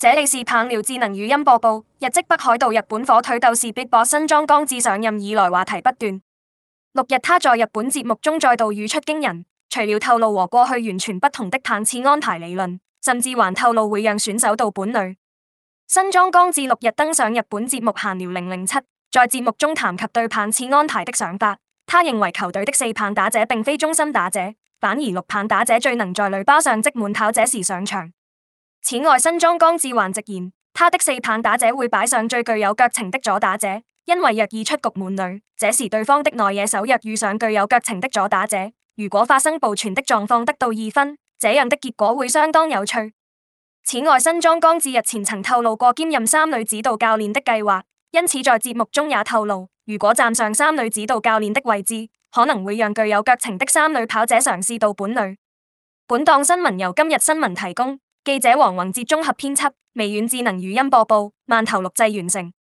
這裡是棒聊智能語音播報。日職北海道日本火腿鬥士畢博新莊剛志上任以來話題不斷。六日他在日本節目中再度語出驚人，除了透露和過去完全不同的棒次安排理論，甚至還透露會讓選手盜本壘。新莊剛志六日登上日本節目《閒聊零零七》，在節目中談及對棒次安排的想法，他認為球隊的四棒打者並非中心打者，反而六棒打者最能在壘包上積滿跑者時上場。此外，新莊剛志還直言，他的四棒打者會擺上最具有腳程的左打者，因為若一出局滿壘，這時對方的內野手若遇上具有腳程的左打者，如果發生暴傳的狀況得到二分，這樣的結果會相當有趣。此外，新莊剛志日前曾透露過兼任三壘指導教練的計劃，因此在節目中也透露，如果站上三壘指導教練的位置，可能會讓具有腳程的三壘跑者嘗試盜本壘。本檔新聞由今日新聞提供。記者王宏哲綜合編輯，微軟智能語音播報，饅頭錄製完成。